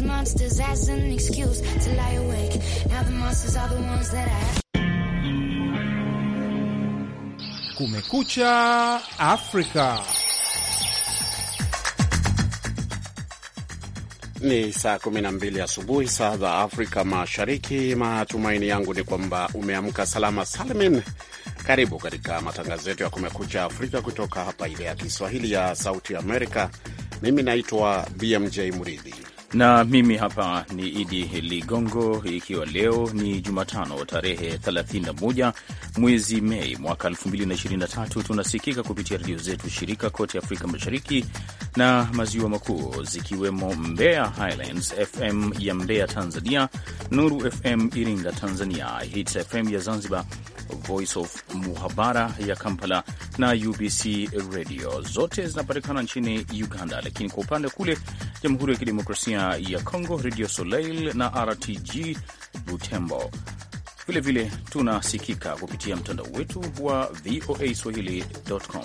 those monsters as an excuse to lie awake. Now the monsters are the ones that I... Kumekucha Afrika. Ni saa 12 asubuhi saa za Afrika Mashariki. Matumaini yangu ni kwamba umeamka salama salmin. Karibu katika matangazo yetu ya Kumekucha Afrika kutoka hapa idhaa ya Kiswahili ya Sauti Amerika. Mimi naitwa BMJ Muridhi na mimi hapa ni Idi Ligongo, ikiwa leo ni Jumatano tarehe 31 mwezi Mei mwaka 2023. Tunasikika kupitia redio zetu shirika kote Afrika Mashariki na Maziwa Makuu, zikiwemo Mbeya Highlands FM ya Mbeya Tanzania, Nuru FM Iringa Tanzania, Hits FM ya Zanzibar, Voice of Muhabara ya Kampala na UBC Radio, zote zinapatikana nchini Uganda. Lakini kwa upande kule Jamhuri ya Kidemokrasia Jumuiya ya Congo, Radio Soleil na RTG Butembo. Vilevile tunasikika kupitia mtandao wetu wa VOA Swahili.com.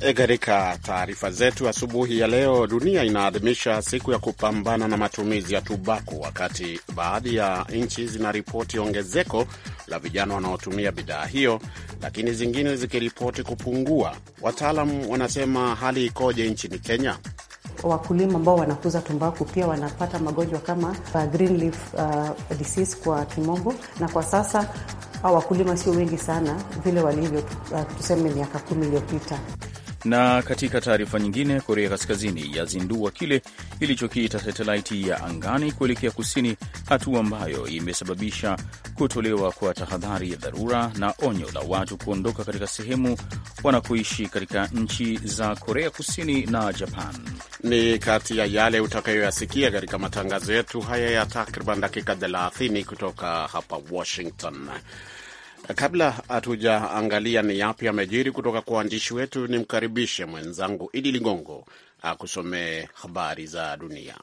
E, katika taarifa zetu asubuhi ya leo, dunia inaadhimisha siku ya kupambana na matumizi ya tumbaku, wakati baadhi ya nchi zinaripoti ongezeko la vijana wanaotumia bidhaa hiyo, lakini zingine zikiripoti kupungua. Wataalam wanasema hali ikoje nchini Kenya? Wakulima ambao wanakuza tumbaku pia wanapata magonjwa kama green leaf uh, disease kwa kimombo, na kwa sasa uh, wakulima sio wengi sana vile walivyo, uh, tuseme miaka kumi iliyopita. Na katika taarifa nyingine, Korea Kaskazini yazindua kile ilichokiita satelaiti ya angani kuelekea kusini, hatua ambayo imesababisha kutolewa kwa tahadhari ya dharura na onyo la watu kuondoka katika sehemu wanakoishi katika nchi za Korea Kusini na Japan. Ni kati ya yale utakayoyasikia katika matangazo yetu haya ya takriban dakika 30 kutoka hapa Washington. Kabla hatujaangalia ni yapi amejiri kutoka kwa waandishi wetu, nimkaribishe mwenzangu Idi Ligongo akusomee habari za dunia.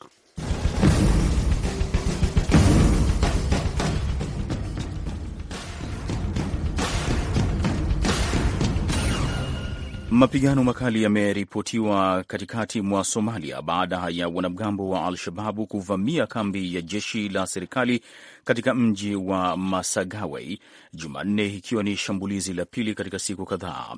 Mapigano makali yameripotiwa katikati mwa Somalia baada ya wanamgambo wa Al-Shababu kuvamia kambi ya jeshi la serikali katika mji wa Masagawey Jumanne, ikiwa ni shambulizi la pili katika siku kadhaa.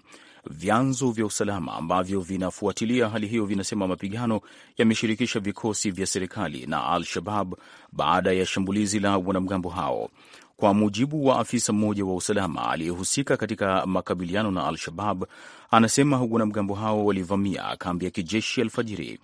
Vyanzo vya usalama ambavyo vinafuatilia hali hiyo vinasema mapigano yameshirikisha vikosi vya serikali na Al-Shabab baada ya shambulizi la wanamgambo hao. Kwa mujibu wa afisa mmoja wa usalama aliyehusika katika makabiliano na Al-Shabab, anasema wanamgambo hao walivamia kambi ya kijeshi alfajiri.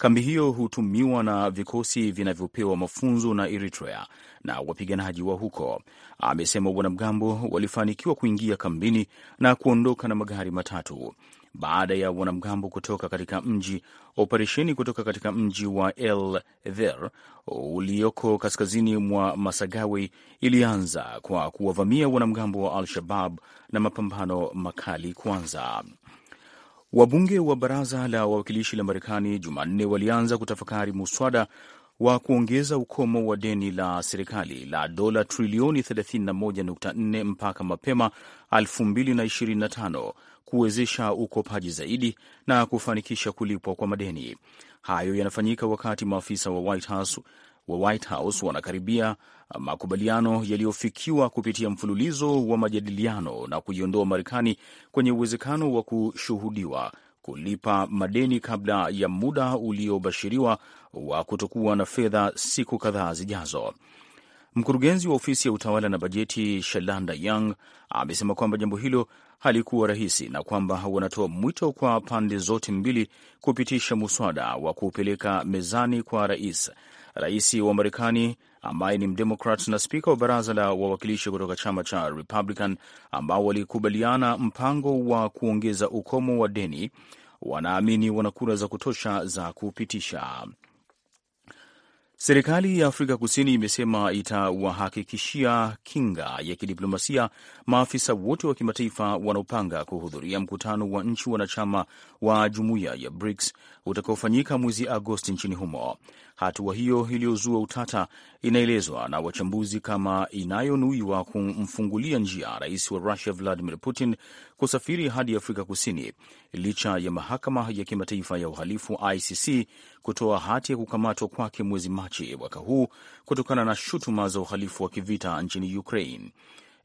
Kambi hiyo hutumiwa na vikosi vinavyopewa mafunzo na Eritrea na wapiganaji wa huko. Amesema wanamgambo walifanikiwa kuingia kambini na kuondoka na magari matatu baada ya wanamgambo kutoka katika mji. Operesheni kutoka katika mji wa El Ver ulioko kaskazini mwa Masagawe ilianza kwa kuwavamia wanamgambo wa Al-Shabab na mapambano makali kwanza. Wabunge wa baraza la wawakilishi la Marekani Jumanne walianza kutafakari muswada wa kuongeza ukomo wa deni la serikali la dola trilioni 31.4 mpaka mapema 2025 kuwezesha ukopaji zaidi na kufanikisha kulipwa kwa madeni. Hayo yanafanyika wakati maafisa wa White House wa White House wanakaribia uh, makubaliano yaliyofikiwa kupitia mfululizo wa majadiliano na kuiondoa Marekani kwenye uwezekano wa kushuhudiwa kulipa madeni kabla ya muda uliobashiriwa wa kutokuwa na fedha siku kadhaa zijazo. Mkurugenzi wa ofisi ya utawala na bajeti Shalanda Young amesema kwamba jambo hilo halikuwa rahisi na kwamba wanatoa mwito kwa pande zote mbili kupitisha muswada wa kuupeleka mezani kwa rais rais wa Marekani ambaye ni mdemokrat na spika wa baraza la wawakilishi kutoka chama cha Republican ambao walikubaliana mpango wa kuongeza ukomo wa deni wanaamini wana kura za kutosha za kupitisha. Serikali ya Afrika Kusini imesema itawahakikishia kinga ya kidiplomasia maafisa wote wa kimataifa wanaopanga kuhudhuria mkutano wa nchi wanachama wa jumuiya ya BRICS utakaofanyika mwezi Agosti nchini humo. Hatua hiyo iliyozua utata inaelezwa na wachambuzi kama inayonuiwa kumfungulia njia rais wa Rusia Vladimir Putin kusafiri hadi Afrika Kusini, licha ya mahakama ya kimataifa ya uhalifu ICC kutoa hati ya kukamatwa kwake mwezi Machi mwaka huu kutokana na shutuma za uhalifu wa kivita nchini Ukraine.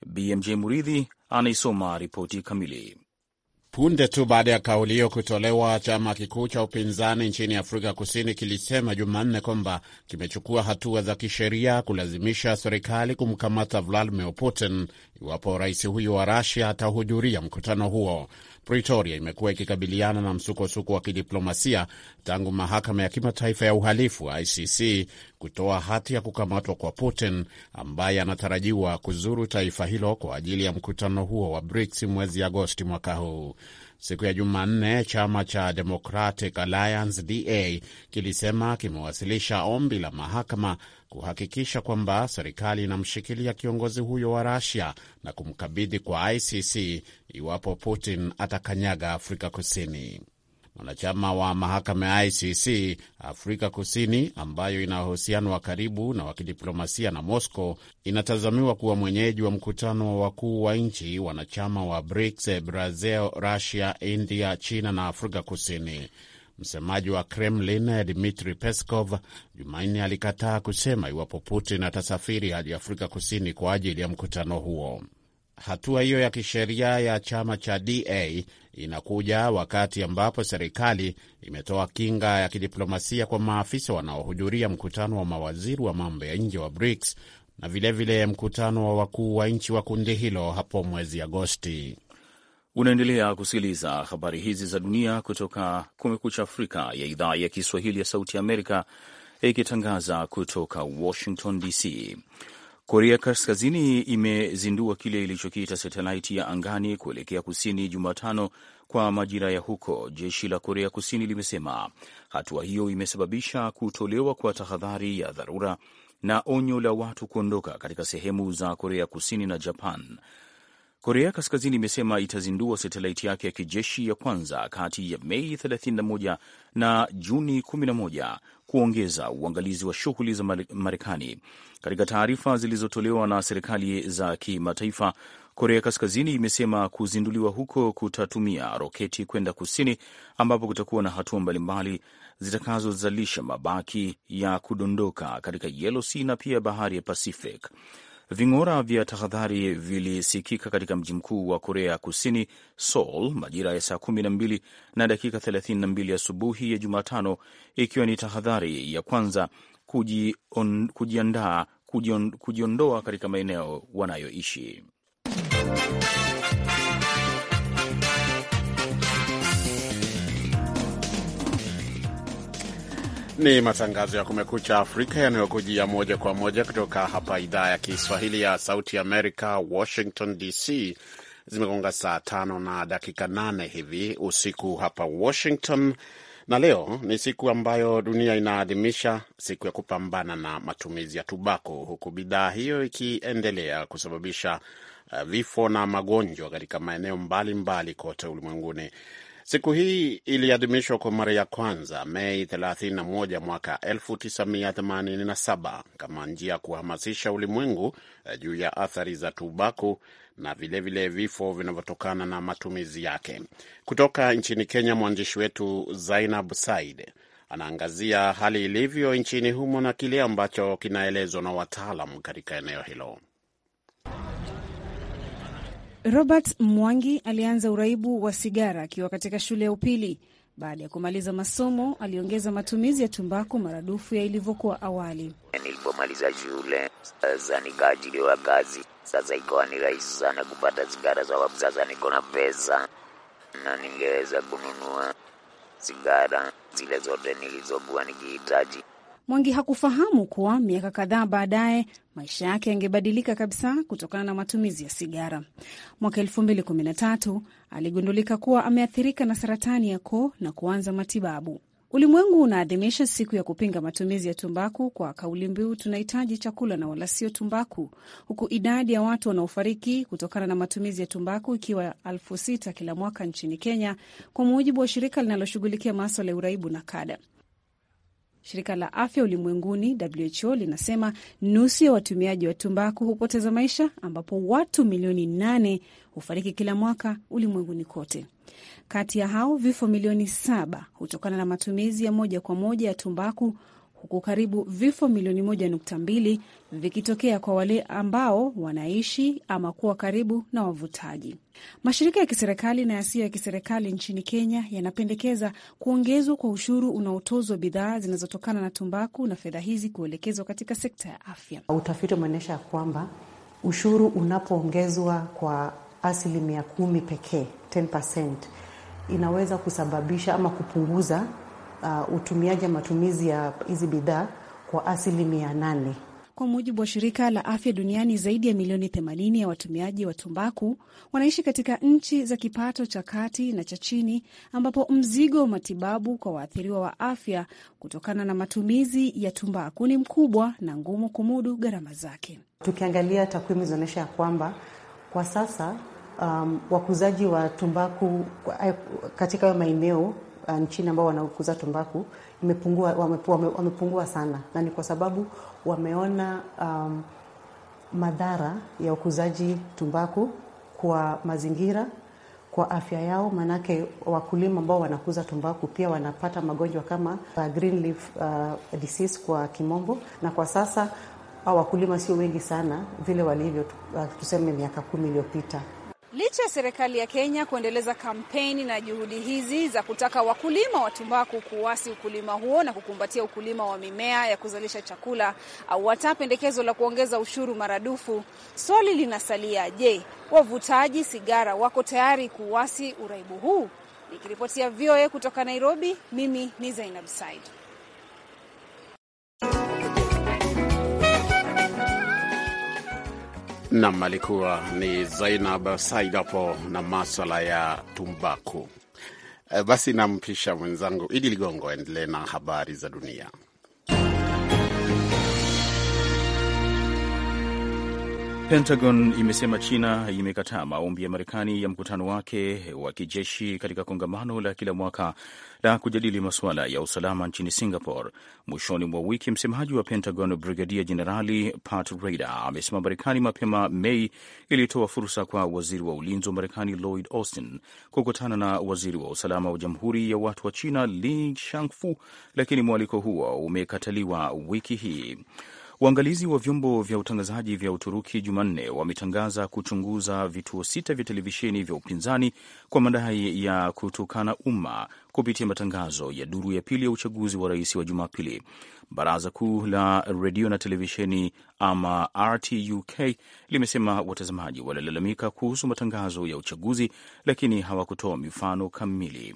BMJ Muridhi anaisoma ripoti kamili. Punde tu baada ya kauli hiyo kutolewa, chama kikuu cha upinzani nchini Afrika Kusini kilisema Jumanne kwamba kimechukua hatua za kisheria kulazimisha serikali kumkamata Vladimir Putin iwapo rais huyo wa Rasia atahudhuria mkutano huo. Pretoria imekuwa ikikabiliana na msukosuko wa kidiplomasia tangu mahakama ya kimataifa ya uhalifu ICC kutoa hati ya kukamatwa kwa Putin ambaye anatarajiwa kuzuru taifa hilo kwa ajili ya mkutano huo wa BRICS mwezi Agosti mwaka huu. Siku ya Jumanne, chama cha Democratic Alliance DA kilisema kimewasilisha ombi la mahakama kuhakikisha kwamba serikali inamshikilia kiongozi huyo wa Russia na kumkabidhi kwa ICC iwapo Putin atakanyaga Afrika Kusini mwanachama wa mahakama ya ICC, Afrika Kusini, ambayo ina uhusiano wa karibu na wa kidiplomasia na Moscow, inatazamiwa kuwa mwenyeji wa mkutano wa wakuu wa nchi wanachama wa BRICS, Brazil, Russia, India, China na Afrika Kusini. Msemaji wa Kremlin Dmitri Peskov Jumanne alikataa kusema iwapo Putin atasafiri hadi Afrika Kusini kwa ajili ya mkutano huo. Hatua hiyo ya kisheria ya chama cha DA inakuja wakati ambapo serikali imetoa kinga ya kidiplomasia kwa maafisa wanaohudhuria mkutano wa mawaziri wa mambo ya nje wa BRICS na vilevile vile mkutano wa wakuu wa nchi wa kundi hilo hapo mwezi Agosti. Unaendelea kusikiliza habari hizi za dunia kutoka Kumekucha Afrika ya idhaa ya Kiswahili ya Sauti ya Amerika, ikitangaza kutoka Washington DC. Korea Kaskazini imezindua kile ilichokiita satelaiti ya angani kuelekea kusini Jumatano kwa majira ya huko, jeshi la Korea Kusini limesema. Hatua hiyo imesababisha kutolewa kwa tahadhari ya dharura na onyo la watu kuondoka katika sehemu za Korea Kusini na Japan. Korea Kaskazini imesema itazindua satelaiti yake ya kijeshi ya kwanza kati ya Mei 31 na Juni kuongeza uangalizi wa shughuli za Marekani. Katika taarifa zilizotolewa na serikali za kimataifa, Korea Kaskazini imesema kuzinduliwa huko kutatumia roketi kwenda kusini, ambapo kutakuwa na hatua mbalimbali zitakazozalisha mabaki ya kudondoka katika Yellow Sea na pia bahari ya Pacific. Ving'ora vya tahadhari vilisikika katika mji mkuu wa Korea Kusini, Seoul, majira ya saa kumi na dakika 32 asubuhi ya, ya Jumatano, ikiwa ni tahadhari ya kwanza kujion, kujiandaa kujion, kujiondoa katika maeneo wanayoishi Ni matangazo ya Kumekucha Afrika yanayokujia moja kwa moja kutoka hapa idhaa ya Kiswahili ya Sauti Amerika, Washington DC. Zimegonga saa tano na dakika nane hivi usiku hapa Washington, na leo ni siku ambayo dunia inaadhimisha siku ya kupambana na matumizi ya tubako, huku bidhaa hiyo ikiendelea kusababisha eh, vifo na magonjwa katika maeneo mbalimbali mbali kote ulimwenguni. Siku hii iliadhimishwa kwa mara ya kwanza Mei 31 mwaka 1987 kama njia ya kuhamasisha ulimwengu eh, juu ya athari za tumbaku na vilevile vile vifo vinavyotokana na matumizi yake. Kutoka nchini Kenya, mwandishi wetu Zainab Said anaangazia hali ilivyo nchini humo na kile ambacho kinaelezwa na wataalam katika eneo hilo. Robert Mwangi alianza uraibu wa sigara akiwa katika shule ya upili. Baada ya kumaliza masomo, aliongeza matumizi ya tumbaku maradufu ya ilivyokuwa awali. Nilipomaliza shule sasa, nikaajiliwa kazi. Sasa ikawa ni rahisi sana kupata sigara, sababu sasa niko na pesa na ningeweza kununua sigara zile zote nilizokuwa nikihitaji. Mwangi hakufahamu kuwa miaka kadhaa baadaye maisha yake yangebadilika kabisa kutokana na matumizi ya sigara. Mwaka tatu aligundulika kuwa ameathirika na saratani ya koo na kuanza matibabu. Ulimwengu unaadhimisha siku ya kupinga matumizi ya tumbaku kwa kauli mbiu, tunahitaji chakula na wala sio tumbaku, huku idadi ya watu wanaofariki kutokana na matumizi ya tumbaku ikiwa elfu sita kila mwaka nchini Kenya, kwa mujibu wa shirika linaloshughulikia maswala ya uraibu na kada. Shirika la Afya Ulimwenguni WHO linasema nusu ya watumiaji wa tumbaku hupoteza maisha, ambapo watu milioni nane hufariki kila mwaka ulimwenguni kote. Kati ya hao vifo milioni saba hutokana na matumizi ya moja kwa moja ya tumbaku huku karibu vifo milioni moja nukta mbili vikitokea kwa wale ambao wanaishi ama kuwa karibu na wavutaji. Mashirika ya kiserikali na yasiyo ya kiserikali nchini Kenya yanapendekeza kuongezwa kwa ushuru unaotozwa bidhaa zinazotokana na tumbaku na fedha hizi kuelekezwa katika sekta ya afya. Utafiti umeonyesha ya kwamba ushuru unapoongezwa kwa asilimia kumi pekee, 10%, inaweza kusababisha ama kupunguza uh, utumiaji matumizi ya hizi bidhaa kwa asilimia nane. Kwa mujibu wa shirika la afya duniani, zaidi ya milioni 80 ya watumiaji wa tumbaku wanaishi katika nchi za kipato cha kati na cha chini, ambapo mzigo wa matibabu kwa waathiriwa wa afya kutokana na matumizi ya tumbaku ni mkubwa na ngumu kumudu gharama zake. Tukiangalia takwimu zinaonyesha ya kwamba kwa sasa um, wakuzaji wa tumbaku eh, katika hayo maeneo Uh, nchini ambao wanakuza tumbaku imepungua, wamepungua sana, na ni kwa sababu wameona um, madhara ya ukuzaji tumbaku kwa mazingira, kwa afya yao. Maanake wakulima ambao wanakuza tumbaku pia wanapata magonjwa kama uh, green leaf uh, disease kwa kimombo, na kwa sasa uh, wakulima sio wengi sana vile walivyo, uh, tuseme miaka kumi iliyopita. Licha ya serikali ya Kenya kuendeleza kampeni na juhudi hizi za kutaka wakulima wa tumbaku kuasi ukulima huo na kukumbatia ukulima wa mimea ya kuzalisha chakula au hata pendekezo la kuongeza ushuru maradufu, swali linasalia, je, wavutaji sigara wako tayari kuasi uraibu huu? Nikiripotia VOA kutoka Nairobi, mimi ni Zainab Said. Nam alikuwa ni Zainab Said hapo na maswala ya tumbaku. Eh, basi nampisha mwenzangu Idi Ligongo, endelee na habari za dunia. Pentagon imesema China imekataa maombi ya Marekani ya mkutano wake wa kijeshi katika kongamano la kila mwaka la kujadili masuala ya usalama nchini Singapore mwishoni mwa wiki. Msemaji wa Pentagon Brigadia Jenerali Pat Ryder amesema Marekani mapema Mei ilitoa fursa kwa waziri wa ulinzi wa Marekani Lloyd Austin kukutana na waziri wa usalama wa Jamhuri ya Watu wa China Li Shangfu, lakini mwaliko huo umekataliwa wiki hii. Waangalizi wa vyombo vya utangazaji vya Uturuki Jumanne wametangaza kuchunguza vituo sita vya televisheni vya upinzani kwa madai ya kutukana umma kupitia matangazo ya duru ya pili ya uchaguzi wa rais wa Jumapili. Baraza Kuu la Redio na Televisheni ama RTUK limesema watazamaji walilalamika kuhusu matangazo ya uchaguzi, lakini hawakutoa mifano kamili.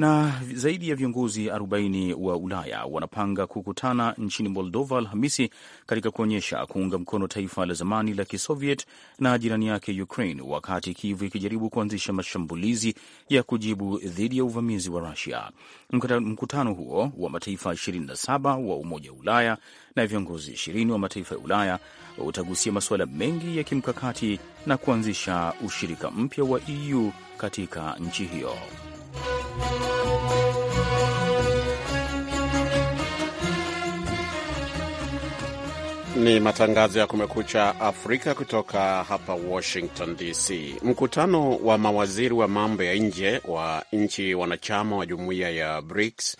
Na zaidi ya viongozi 40 wa Ulaya wanapanga kukutana nchini Moldova Alhamisi katika kuonyesha kuunga mkono taifa la zamani la Kisoviet na jirani yake Ukraine, wakati kivu ikijaribu kuanzisha mashambulizi ya kujibu dhidi ya uvamizi wa Rusia. Mkutano huo wa mataifa 27 wa Umoja wa Ulaya na viongozi 20 wa mataifa ya Ulaya utagusia masuala mengi ya kimkakati na kuanzisha ushirika mpya wa EU katika nchi hiyo. Ni matangazo ya Kumekucha Afrika kutoka hapa Washington DC. Mkutano wa mawaziri wa mambo ya nje wa nchi wanachama wa jumuiya ya BRICS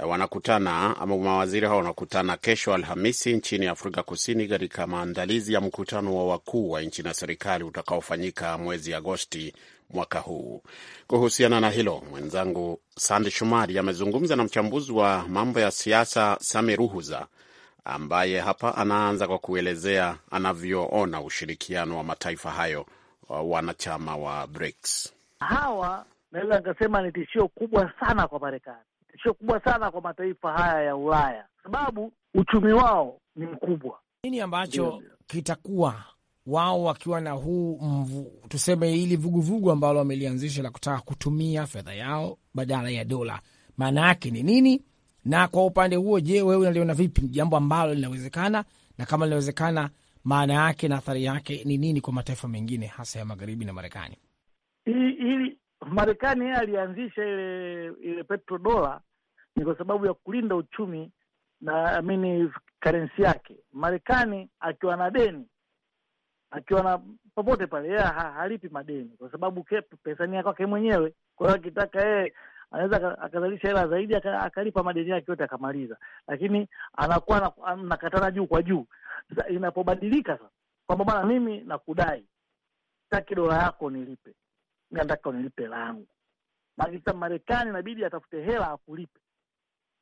eh, wanakutana ama mawaziri hao wanakutana kesho Alhamisi nchini Afrika Kusini, katika maandalizi ya mkutano wa wakuu wa nchi na serikali utakaofanyika mwezi Agosti mwaka huu. Kuhusiana na hilo, mwenzangu Sande shumari amezungumza na mchambuzi wa mambo ya siasa Sami Ruhuza ambaye hapa anaanza kwa kuelezea anavyoona ushirikiano wa mataifa hayo wa wanachama wa BRICS. Hawa naweza nikasema ni tishio kubwa sana kwa Marekani, tishio kubwa sana kwa mataifa haya ya Ulaya, sababu uchumi wao ni mkubwa. Nini ambacho kitakuwa wao wakiwa na huu mvu, tuseme hili vuguvugu ambalo wamelianzisha la kutaka kutumia fedha yao badala ya dola, maana yake ni nini? Na kwa upande huo, je, wewe unaliona vipi? Jambo ambalo linawezekana, na kama linawezekana, maana yake na athari yake ni nini kwa mataifa mengine hasa ya magharibi na Marekani? Hili Marekani yeye alianzisha ile ile petrodola ni kwa sababu ya kulinda uchumi na amini karensi yake. Marekani akiwa na deni akiwa na popote pale, yeye ha, halipi madeni kwa sababu pesa ni ya kwake mwenyewe. Kwa hiyo akitaka yeye anaweza akazalisha hela zaidi akalipa madeni yake yote akamaliza, lakini anakuwa nakatana juu kwa juu. Sasa inapobadilika sasa kwamba bwana, mimi nakudai, taki dola yako nilipe, mi nataka unilipe langu, maana Marekani inabidi atafute hela akulipe.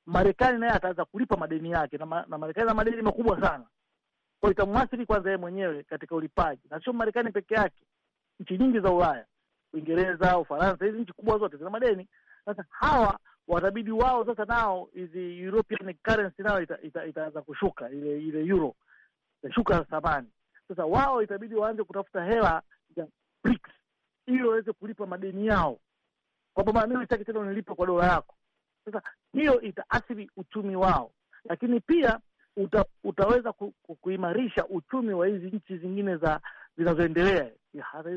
Marekani naye ataanza kulipa madeni yake na, ma, na Marekani na madeni makubwa sana kwa itamwathiri kwanza yeye mwenyewe katika ulipaji, na sio Marekani peke yake, nchi nyingi za Ulaya, Uingereza, Ufaransa, hizi nchi kubwa zote zina madeni. Sasa hawa watabidi wao sasa nao hizi European currency itaanza ita, ita kushuka, ile ile euro itashuka thamani. Sasa wao itabidi waanze kutafuta hela ya BRICS ili waweze kulipa madeni yao, kwamba bana, mimi sitaki tena unilipe kwa dola yako. Sasa hiyo itaathiri uchumi wao, lakini pia uta, utaweza ku, ku, kuimarisha uchumi wa hizi nchi zingine za zinazoendelea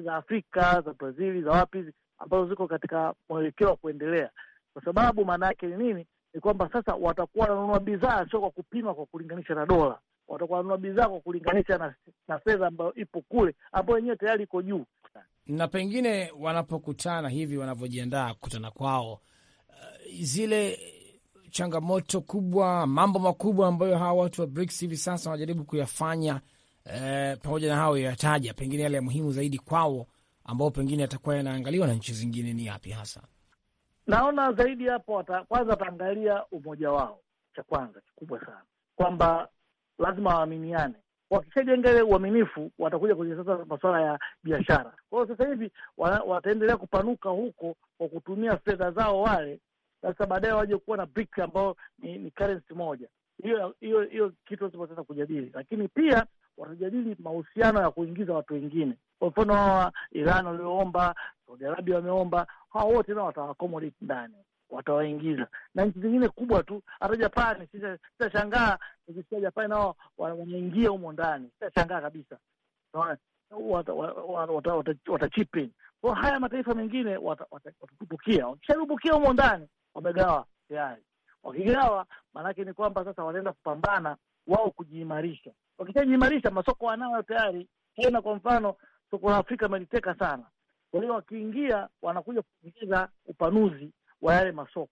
za Afrika za Brazili za wapi ambazo ziko katika mwelekeo wa kuendelea, kwa sababu maana yake ni nini? Ni kwamba sasa watakuwa wananunua bidhaa sio kwa kupima kwa kulinganisha na dola, watakuwa wananunua bidhaa kwa kulinganisha na, na fedha ambayo ipo kule ambayo yenyewe tayari iko juu. Na pengine wanapokutana hivi, wanavyojiandaa kukutana kwao, uh, zile changamoto kubwa, mambo makubwa ambayo hawa watu wa BRICS hivi sasa wanajaribu kuyafanya eh, pamoja na hayo yataja, pengine yale ya muhimu zaidi kwao ambao pengine yatakuwa yanaangaliwa na nchi zingine ni yapi hasa? Naona zaidi hapo, kwanza wataangalia umoja wao, cha kwanza kikubwa sana, kwamba lazima waaminiane. Wakishajenga ile uaminifu, watakuja kwenye sasa masuala ya biashara. Kwa hiyo sasa hivi wataendelea kupanuka huko kwa kutumia fedha zao wale sasa baadaye waje kuwa na BRICS ambao ni, ni currency moja. Hiyo hiyo hiyo kitu kujadili, lakini pia watajadili mahusiano ya kuingiza watu wengine, kwa mfano hawa Iran walioomba, Saudi Arabia wameomba, hawa wote nao watawaakomodate ndani, watawaingiza na nchi zingine kubwa tu. Hata Japani, sitashangaa nikisikia Japani nao wanaingia humo ndani, sitashangaa kabisa, watachipin. Haya mataifa mengine watatupukia wakishatumbukia humo ndani wamegawa tayari. Wakigawa maanake ni kwamba sasa wanaenda kupambana wao kujiimarisha. Wakishajiimarisha masoko wanayo tayari. tena kwa mfano, soko la Afrika ameliteka sana, kwa hiyo wakiingia wanakuja kuongeza upanuzi wa yale masoko.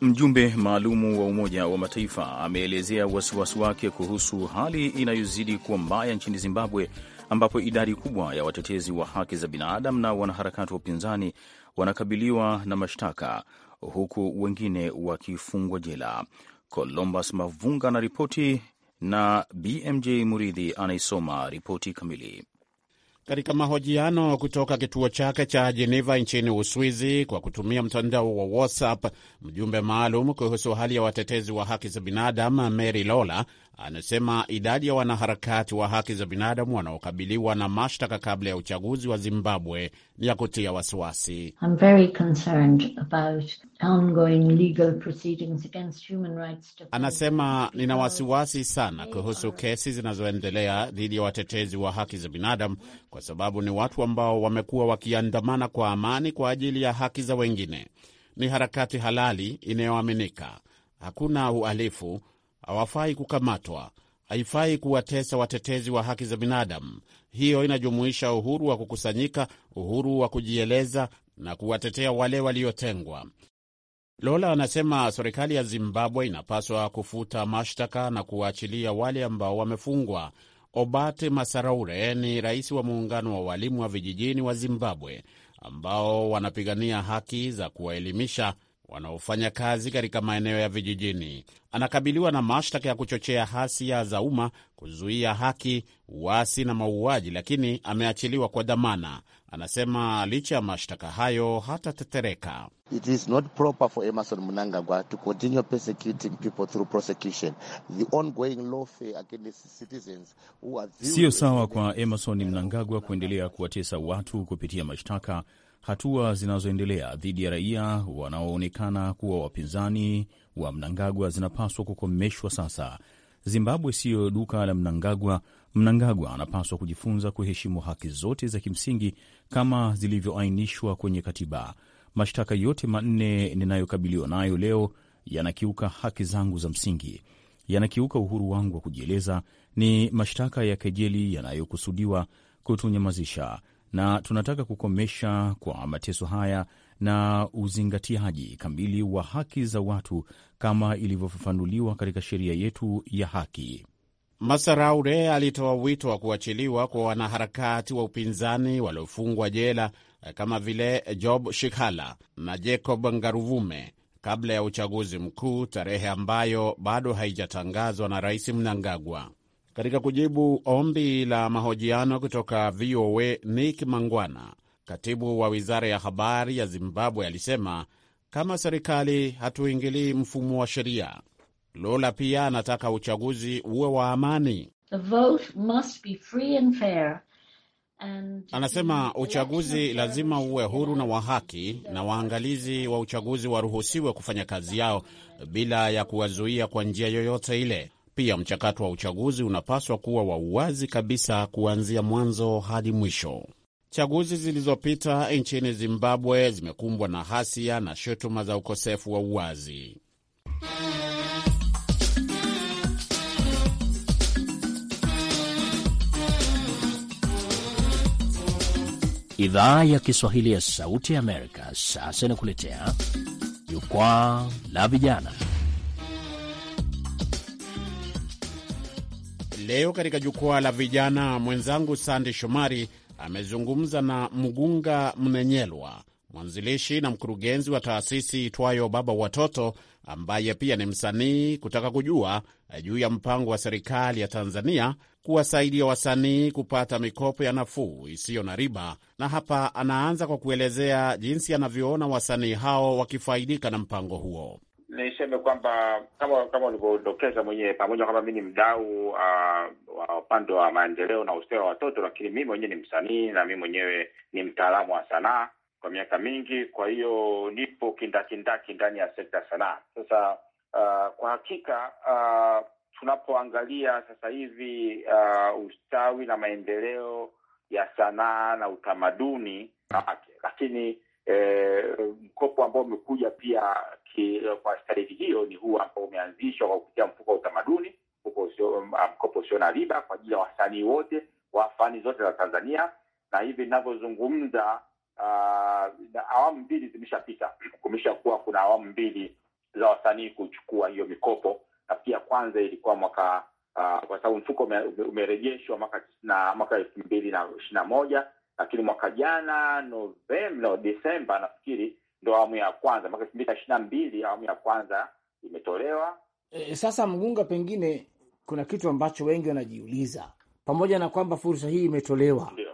Mjumbe maalumu wa Umoja wa Mataifa ameelezea wasiwasi wake kuhusu hali inayozidi kuwa mbaya nchini Zimbabwe ambapo idadi kubwa ya watetezi wa haki za binadamu na wanaharakati wa upinzani wanakabiliwa na mashtaka huku wengine wakifungwa jela. Columbus Mavunga anaripoti na BMJ Muridhi anaisoma ripoti kamili. Katika mahojiano kutoka kituo chake cha Jeneva nchini Uswizi kwa kutumia mtandao wa WhatsApp, mjumbe maalum kuhusu hali ya watetezi wa haki za binadamu Mary Lola anasema idadi ya wanaharakati wa haki za binadamu wanaokabiliwa na mashtaka kabla ya uchaguzi wa Zimbabwe ni ya kutia wasiwasi. Anasema nina wasiwasi sana kuhusu kesi zinazoendelea dhidi ya watetezi wa haki za binadamu, kwa sababu ni watu ambao wamekuwa wakiandamana kwa amani kwa ajili ya haki za wengine. Ni harakati halali inayoaminika, hakuna uhalifu hawafai kukamatwa, haifai kuwatesa watetezi wa haki za binadamu. Hiyo inajumuisha uhuru wa kukusanyika, uhuru wa kujieleza na kuwatetea wale waliotengwa. Lola anasema serikali ya Zimbabwe inapaswa kufuta mashtaka na kuwaachilia wale ambao wamefungwa. Obate Masaraure ni rais wa muungano wa walimu wa vijijini wa Zimbabwe ambao wanapigania haki za kuwaelimisha wanaofanya kazi katika maeneo ya vijijini. Anakabiliwa na mashtaka ya kuchochea hasia za umma, kuzuia haki, uasi na mauaji, lakini ameachiliwa kwa dhamana. Anasema licha ya mashtaka hayo hatatetereka. Siyo sawa kwa Emerson Mnangagwa kuendelea kuwatesa watu kupitia mashtaka hatua zinazoendelea dhidi ya raia wanaoonekana kuwa wapinzani wa Mnangagwa zinapaswa kukomeshwa sasa. Zimbabwe siyo duka la Mnangagwa. Mnangagwa anapaswa kujifunza kuheshimu haki zote za kimsingi kama zilivyoainishwa kwenye katiba. Mashtaka yote manne ninayokabiliwa nayo leo yanakiuka haki zangu za msingi, yanakiuka uhuru wangu wa kujieleza. Ni mashtaka ya kejeli yanayokusudiwa kutunyamazisha na tunataka kukomesha kwa mateso haya na uzingatiaji kamili wa haki za watu kama ilivyofafanuliwa katika sheria yetu ya haki. Masaraure alitoa wito wa kuachiliwa kwa wanaharakati wa upinzani waliofungwa jela eh, kama vile Job Shikhala na Jacob Ngaruvume kabla ya uchaguzi mkuu, tarehe ambayo bado haijatangazwa na Rais Mnangagwa. Katika kujibu ombi la mahojiano kutoka VOA, Nick Mangwana, katibu wa wizara ya habari ya Zimbabwe, alisema kama serikali hatuingilii mfumo wa sheria. Lula pia anataka uchaguzi uwe wa amani. The vote must be free and fair. And anasema uchaguzi lazima uwe huru na wa haki, na waangalizi wa uchaguzi waruhusiwe kufanya kazi yao bila ya kuwazuia kwa njia yoyote ile. Pia mchakato wa uchaguzi unapaswa kuwa wa uwazi kabisa kuanzia mwanzo hadi mwisho. Chaguzi zilizopita nchini Zimbabwe zimekumbwa na hasia na shutuma za ukosefu wa uwazi. Idhaa ya Kiswahili ya Sauti ya Amerika sasa inakuletea Jukwaa la Vijana. Leo katika jukwaa la vijana, mwenzangu Sande Shomari amezungumza na Mgunga Mnenyelwa, mwanzilishi na mkurugenzi wa taasisi itwayo Baba Watoto, ambaye pia ni msanii, kutaka kujua eh, juu ya mpango wa serikali ya Tanzania kuwasaidia wasanii kupata mikopo ya nafuu isiyo na riba. Na hapa anaanza kwa kuelezea jinsi anavyoona wasanii hao wakifaidika na mpango huo niseme kwamba kama kama ulivyodokeza mwenyewe, pamoja kwamba mi ni mdau uh, wa upande wa maendeleo na ustawi wa watoto, lakini mi mwenyewe ni msanii na mi mwenyewe ni mtaalamu wa sanaa kwa miaka mingi. Kwa hiyo nipo kindakindaki ndani ya sekta ya sanaa. Sasa uh, kwa hakika uh, tunapoangalia sasa hivi uh, ustawi na maendeleo ya sanaa na utamaduni wake, lakini eh, mkopo ambao umekuja pia ki, eh, kwa starehi hiyo ni huu ambao umeanzishwa kwa kupitia mfuko wa utamaduni, um, ah, mkopo usio na riba kwa ajili ya wasanii wote wa fani zote za Tanzania, na hivi ninavyozungumza uh, awamu mbili zimeshapita. kuwa kuna awamu mbili za wasanii kuchukua hiyo mikopo. Nafikiri ya kwanza ilikuwa mwaka uh, kwa sababu mfuko umerejeshwa mwaka na mwaka elfu mbili na ishirini na moja, lakini mwaka jana Novemba, no, Desemba nafikiri ndo awamu ya kwanza mwaka elfu mbili na ishirini na mbili awamu ya kwanza imetolewa. E, sasa Mgunga, pengine kuna kitu ambacho wengi wanajiuliza, pamoja na kwamba fursa hii imetolewa Ndiyo.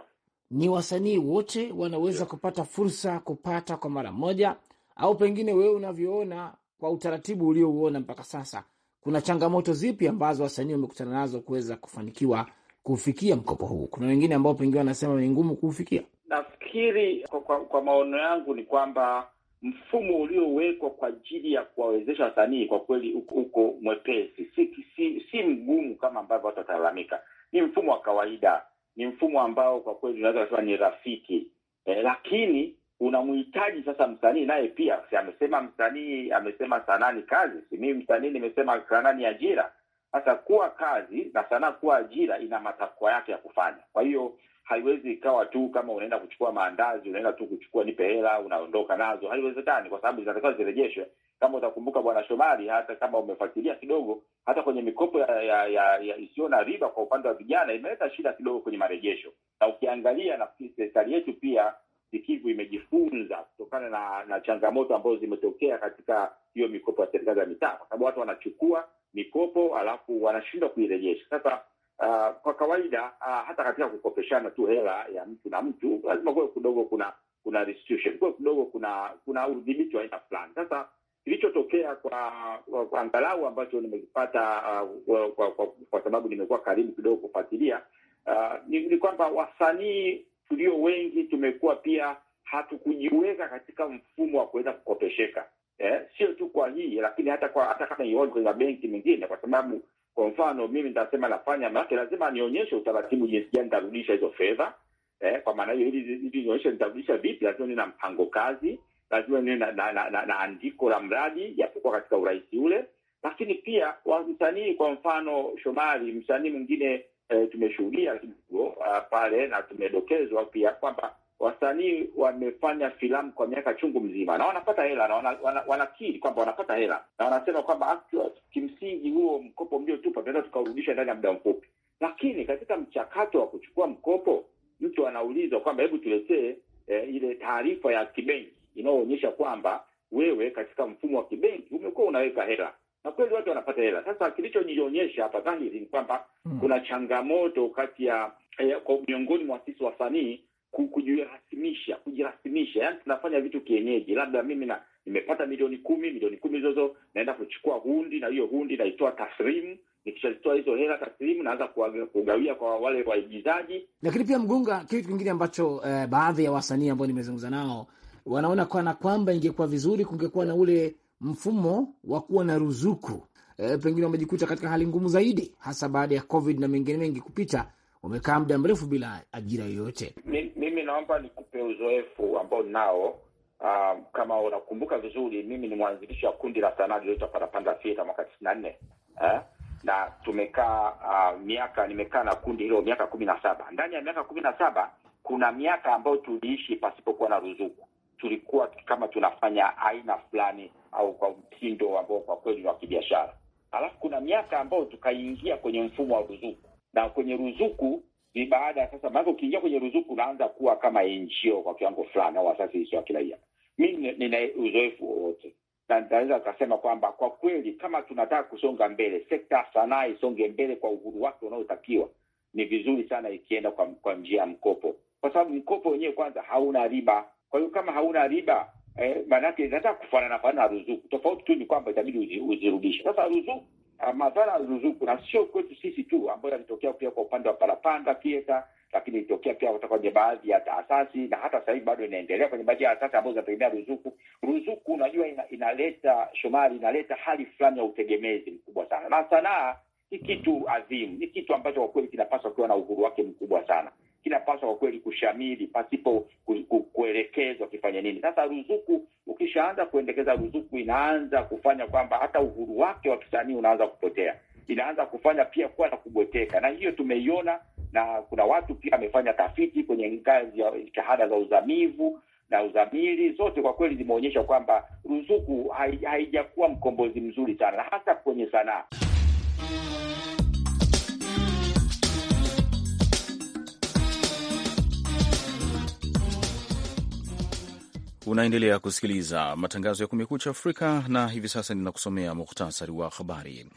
ni wasanii wote wanaweza Ndiyo. kupata fursa kupata kwa mara moja, au pengine wewe unavyoona kwa utaratibu uliouona mpaka sasa, kuna changamoto zipi ambazo wasanii wamekutana nazo kuweza kufanikiwa kufikia mkopo huu? Kuna wengine ambao pengine wanasema ni ngumu kuufikia. Nafikiri kwa, kwa, kwa maono yangu ni kwamba mfumo uliowekwa kwa ajili ya kuwawezesha wasanii kwa kweli uko mwepesi, si, si, si mgumu kama ambavyo watu watalalamika. Ni mfumo wa kawaida, ni mfumo ambao kwa kweli unaweza kusema ni rafiki eh, lakini unamhitaji sasa msanii naye pia. Si amesema msanii, amesema sanaa ni kazi. Si mimi msanii nimesema sanaa ni ajira. Sasa kuwa kazi na sanaa kuwa ajira ina matakwa yake ya kufanya. Kwa hiyo haiwezi ikawa tu kama unaenda kuchukua maandazi, unaenda tu kuchukua nipe hela, unaondoka nazo, haiwezekani, kwa sababu zinatakiwa zirejeshwe. Kama utakumbuka Bwana Shomari, hata kama umefuatilia kidogo, hata kwenye mikopo ya, ya, ya, ya isiyo na riba kwa upande wa vijana imeleta shida kidogo kwenye marejesho, na ukiangalia, nafikiri serikali yetu pia sikivu imejifunza kutokana na, na changamoto ambazo zimetokea katika hiyo mikopo ya serikali za mitaa, kwa sababu watu wanachukua mikopo alafu wanashindwa kuirejesha. Sasa Ah, kwa kawaida uh, hata katika kukopeshana tu hela ya mtu na mtu lazima kuwe kidogo kuna kuna restitution, kuwe kidogo kuna kuna udhibiti wa aina fulani. Sasa kilichotokea kwa, kwa, kwa angalau ambacho nimekipata uh, kwa, kwa, kwa, kwa sababu nimekuwa karibu kidogo kufuatilia uh, ni, ni kwamba wasanii tulio wengi tumekuwa pia hatukujiweka katika mfumo wa kuweza kukopesheka, eh, sio tu kwa hii lakini hata kwa hata kama ioni kwenye mabenki mengine kwa sababu kwa mfano mimi nitasema nafanya, maanake lazima nionyeshe utaratibu jinsi gani nitarudisha hizo fedha eh. Kwa maana hiyo, ili ili nionyeshe nitarudisha vipi, lazima niwe na mpango kazi, lazima niwe na, na, na, na, na andiko la mradi, japokuwa katika urahisi ule. Lakini pia wasanii, kwa mfano Shomari, msanii mwingine eh, tumeshuhudia kidogo uh, eh, pale na tumedokezwa pia kwamba wasanii wamefanya filamu kwa miaka chungu mzima na wanapata hela na wanakiri wana, wana kwamba wanapata hela na wanasema kwamba ah, kimsingi huo mkopo mliotupa tunaweza tukaurudisha ndani ya muda mfupi, lakini katika mchakato wa kuchukua mkopo mtu anaulizwa kwamba hebu tuletee eh, ile taarifa ya kibenki inayoonyesha kwamba wewe katika mfumo wa kibenki umekuwa unaweka hela na kweli watu wanapata hela. Sasa kilichojionyesha hapa dhahiri ni kwamba mm, kuna changamoto kati ya eh, miongoni mwa sisi wasanii kujirasimisha, kujirasimisha. Yani tunafanya vitu kienyeji, labda mimi na nimepata milioni kumi, milioni kumi zozo naenda kuchukua hundi, na hiyo hundi naitoa taslimu nikishazitoa hizo hela taslimu naanza kugawia kwa wale waigizaji. Lakini pia Mgunga, kitu kingine ambacho eh, baadhi ya wasanii ambao nimezungumza nao wanaona kana kwamba ingekuwa vizuri kungekuwa na ule mfumo wa kuwa na ruzuku eh, pengine wamejikuta katika hali ngumu zaidi, hasa baada ya COVID na mengine mengi kupita, wamekaa muda mrefu bila ajira yoyote. Mimi naomba nikupe uzoefu ambao nao Uh, ah, kama unakumbuka vizuri, mimi ni mwanzilishi wa kundi la sanaa lililoitwa Parapanda Theater mwaka tisini na nne eh? na tumekaa uh, miaka nimekaa na kundi hilo miaka kumi na saba. Ndani ya miaka kumi na saba kuna miaka ambayo tuliishi pasipokuwa na ruzuku, tulikuwa kama tunafanya aina fulani au kwa mtindo ambao kwa kweli wa kibiashara, alafu kuna miaka ambayo tukaingia kwenye mfumo wa ruzuku na kwenye ruzuku ni baada ya sasa, maanake ukiingia kwenye ruzuku unaanza kuwa kama NGO kwa kiwango fulani au asasi isiyo ya kiraia. Mimi nina uzoefu wowote na nitaweza kasema kwamba kwa kweli kama tunataka kusonga mbele, sekta ya sanaa isonge mbele kwa uhuru wake unaotakiwa, ni vizuri sana ikienda kwa, kwa njia ya mkopo, kwa sababu mkopo wenyewe kwanza hauna riba. Kwa hiyo kama hauna riba eh, maanake inataka kufanana fanana na ruzuku. Tofauti tu ni kwamba itabidi uzirudishe. Sasa ruzuku Ah, madhara ya ruzuku, na sio kwetu sisi tu, ambayo yalitokea pia kwa upande wa Parapanda Theatre, lakini ilitokea pia kutoka kwenye baadhi ya taasisi, na hata sasa hivi bado inaendelea kwenye baadhi ya taasisi ambazo zinategemea ruzuku. Ruzuku unajua ina, inaleta Shomari, inaleta hali fulani ya utegemezi mkubwa sana, na sanaa ni kitu adhimu, ni kitu ambacho kwa kweli kinapaswa kuwa na uhuru wake mkubwa sana kinapaswa kwa kweli kushamili pasipo kuelekezwa kifanye nini. Sasa ruzuku ukishaanza kuendekeza ruzuku, inaanza kufanya kwamba hata uhuru wake wa kisanii unaanza kupotea, inaanza kufanya pia kuwa na kugoteka na hiyo tumeiona, na kuna watu pia wamefanya tafiti kwenye ngazi ya shahada za uzamivu na uzamili, zote kwa kweli zimeonyesha kwamba ruzuku haijakuwa mkombozi mzuri sana, hasa kwenye sanaa. Unaendelea kusikiliza matangazo ya Kumekucha Afrika na hivi sasa ninakusomea muhtasari wa habari.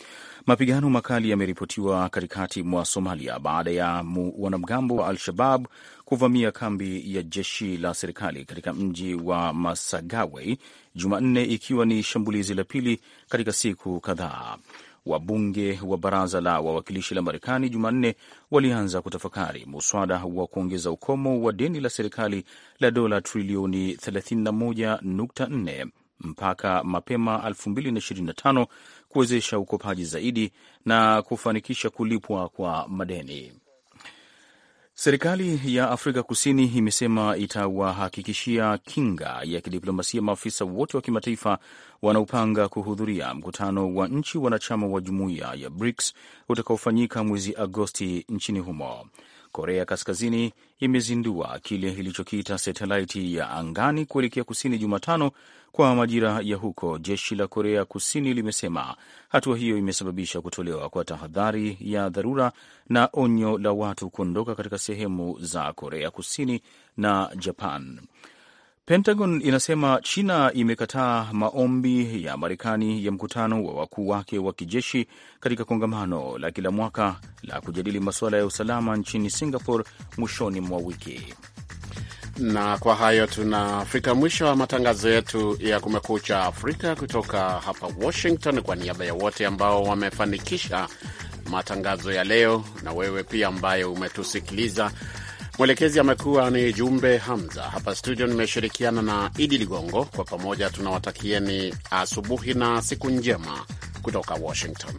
Mapigano makali yameripotiwa katikati mwa Somalia baada ya wanamgambo wa Al-Shabab kuvamia kambi ya jeshi la serikali katika mji wa Masagawe Jumanne, ikiwa ni shambulizi la pili katika siku kadhaa wabunge wa baraza la wawakilishi la Marekani Jumanne walianza kutafakari muswada wa kuongeza ukomo wa deni la serikali la dola trilioni 31.4 mpaka mapema 2025 kuwezesha ukopaji zaidi na kufanikisha kulipwa kwa madeni. Serikali ya Afrika Kusini imesema itawahakikishia kinga ya kidiplomasia maafisa wote wa kimataifa wanaopanga kuhudhuria mkutano wa nchi wanachama wa jumuiya ya BRICS utakaofanyika mwezi Agosti nchini humo. Korea Kaskazini imezindua kile ilichokiita satelaiti ya angani kuelekea kusini Jumatano kwa majira ya huko, jeshi la Korea Kusini limesema. Hatua hiyo imesababisha kutolewa kwa tahadhari ya dharura na onyo la watu kuondoka katika sehemu za Korea Kusini na Japan. Pentagon inasema China imekataa maombi ya Marekani ya mkutano wa wakuu wake wa kijeshi katika kongamano la kila mwaka la kujadili masuala ya usalama nchini Singapore mwishoni mwa wiki. Na kwa hayo tunafika mwisho wa matangazo yetu ya Kumekucha Afrika kutoka hapa Washington. Kwa niaba ya wote ambao wamefanikisha matangazo ya leo na wewe pia ambaye umetusikiliza Mwelekezi amekuwa ni Jumbe Hamza. Hapa studio nimeshirikiana na Idi Ligongo. Kwa pamoja tunawatakieni asubuhi na siku njema kutoka Washington.